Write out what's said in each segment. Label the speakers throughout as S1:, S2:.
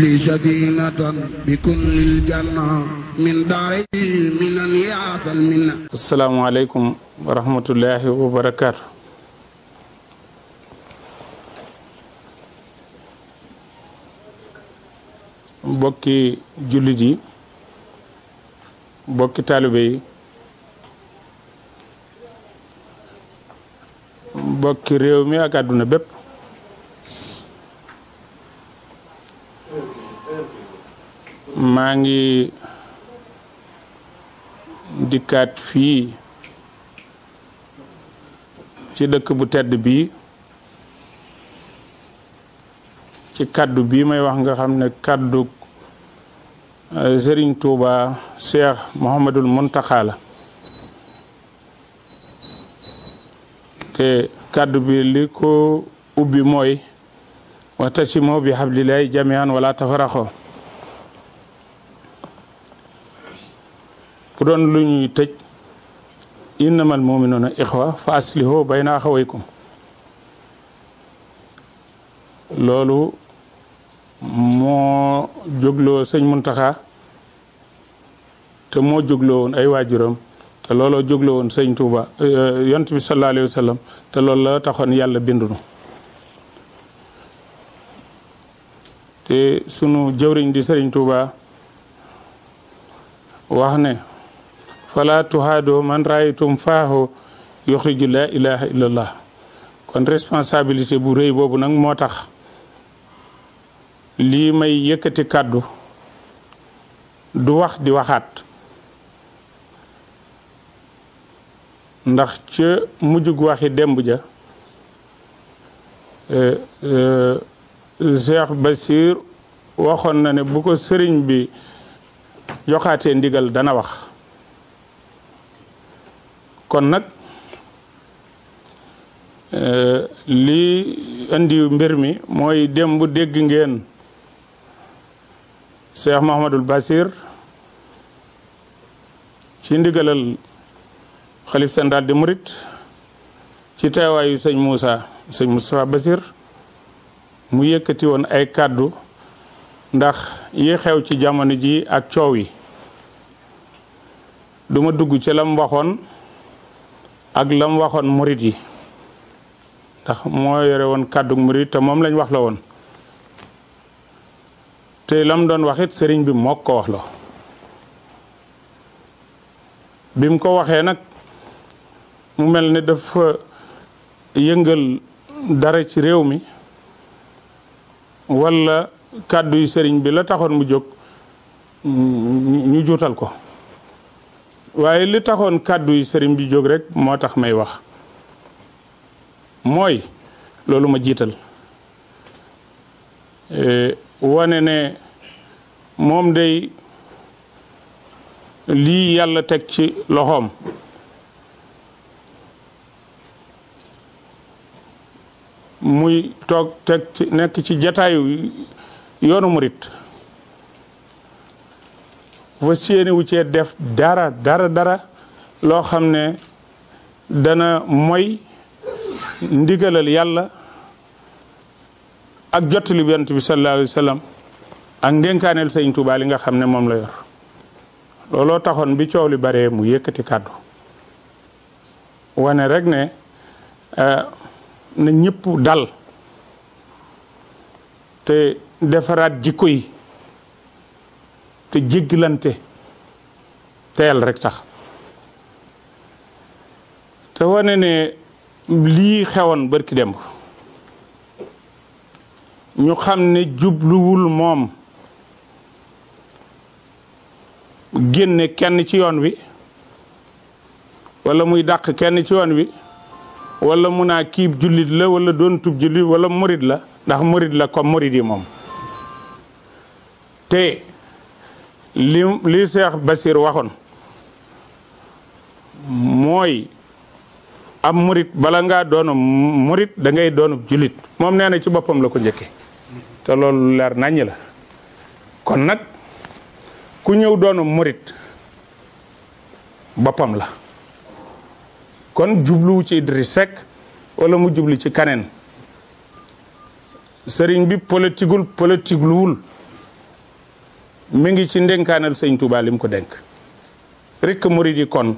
S1: لي سفينة بكل الجنة من داري من يعطى المنة السلام عليكم ورحمة الله وبركاته bokki jullit yi bokki taalibe yi bokki réew mi ak àdduna bépp maa ngi dikkaat fii ci dëkk bu tedd bii ci kaddu bii may wax nga xam ne kaddu euh, Serigne Touba Cheikh Mouhamadul Mountakha la te kaddu bi li ko ubbi mooy wa tasimoo bi hablillahi jamian wala tafaraxoo bu doon lu ñuy tëj innamal muminuuna ixwa fa asliho bayna axawaykum loolu moo jógloo sëñ Muntaxa te moo jógloo woon ay waajuram te looloo jógloo woon sëñ Tuuba eh, yont bi sallallahu alayhi wa te loolu la taxoon yàlla bindunu te sunu jëwriñ di sëriñ Tuuba wax ne fala tuhaadu man raaytum faahu yuxriju laa ilaha illallah kon responsabilité bu rëy boobu nag moo tax lii may yëkkati kàddu du wax di waxaat ndax ca mujjug waxi démb ja eh, eh, Cheikh Basir waxoon na ne bu ko sëriñ bi joxaatee ndigal dana wax kon nag eh, li indi mbir mi mooy démb dégg ngeen Cheikh Mahamadul Basir ci ndigalal xalif sandal di murit ci teewaayu sëñ Moussa sëñ Moustapha Basir mu yëkkati woon ay kàddu ndax yi xew ci jamono ji ak coow yi duma dugg ci lam waxoon ak lam waxoon murit yi ndax moo yore woon kàddu murit te moom lañ wax la woon te lam doon wax sëriñ bi moo ko wax la bi mu ko waxee nag mu mel ne dafa yëngal dara ci réew mi walla kàddu yi sëriñ bi la taxoon mu jóg ñu juutal ko waaye li taxoon kàddu yi sëriñ bi jóg rek moo tax may wax mooy loolu ma jiital e, wane ne moom day lii yàlla teg ci loxoom muy toog teg ci nekk ci jataayu yoonu murit fa séeni wu cee def dara dara dara loo xam ne dana moy ndigalal yàlla ak jottali yonent bi sallallahu alayhi wa sallam ak ndénkaaneel sëñ Tuubaa li nga xam ne moom la yor looloo taxoon bi coow li baree mu yëkkati kàddu wane rek ne euh, na ñëpp dal te defaraat jikko yi te jéggilante teyal rek tax te wane ne lii xewoon bërki demb ñu xam ne jubluwul moom génne kenn ci yoon wi wala muy dàq kenn ci yoon wi wala mu naa kiib jullit la wala doon tub jullit wala morit la ndax morit la comme morit yi moom te li li Cheikh Basir waxoon mooy am murit bala ngaa doonu murit da ngay doonu julit moom nee na ci boppam la ko njëkke te loolu leer naññ la kon nag ku ñëw doonu murit boppam la kon jubluwu ci Idriss Seck wala mu jublu ci kaneen sëriñ bi politigul politigluwul mu ngi ci ndénkaanal sëñ Touba lim ko denk rek murid yi kon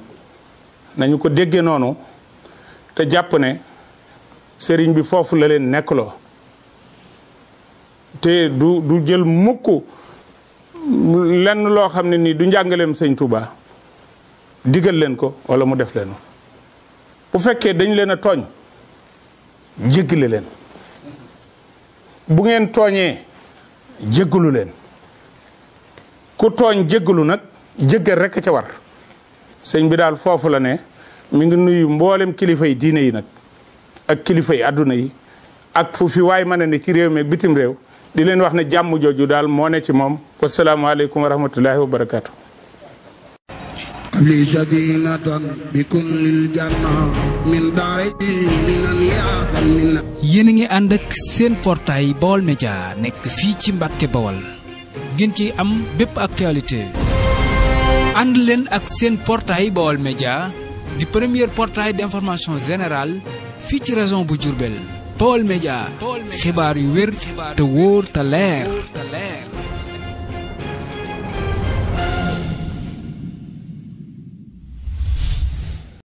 S1: nañu ko dégge noonu te jàpp ne sëriñ bi foofu la leen nekkloo te du du jël mukk lenn loo xam ne nii du njàngaleem sëñ Touba digal leen ko wala mu def leen bu fekkee dañ leen a tooñ jéggale leen bu ngeen tooñee jéggalu leen ku tooñ jéggalu nag jéggal rek ca war sëñ bi daal foofu la ne mu ngi nuyu mboolem kilifa yi diine yi nag ak kilifa yi àdduna yi ak fu fi waay mën ne ci réew mi bitim réew di leen wax ne jàmm jooju daal moo ne ci moom wasalaamaaleykum wa rahmatullahi wa barakaatu. li ngi ànd ak seen portail Baol Média nekk fii ci Mbàkke Bawal ngeen ci am bépp actualité ànd leen ak seen portail Baol Média di premier portail d'information générale fii ci région bu Diourbel Baol Média xibaar yu wér te wóor te leer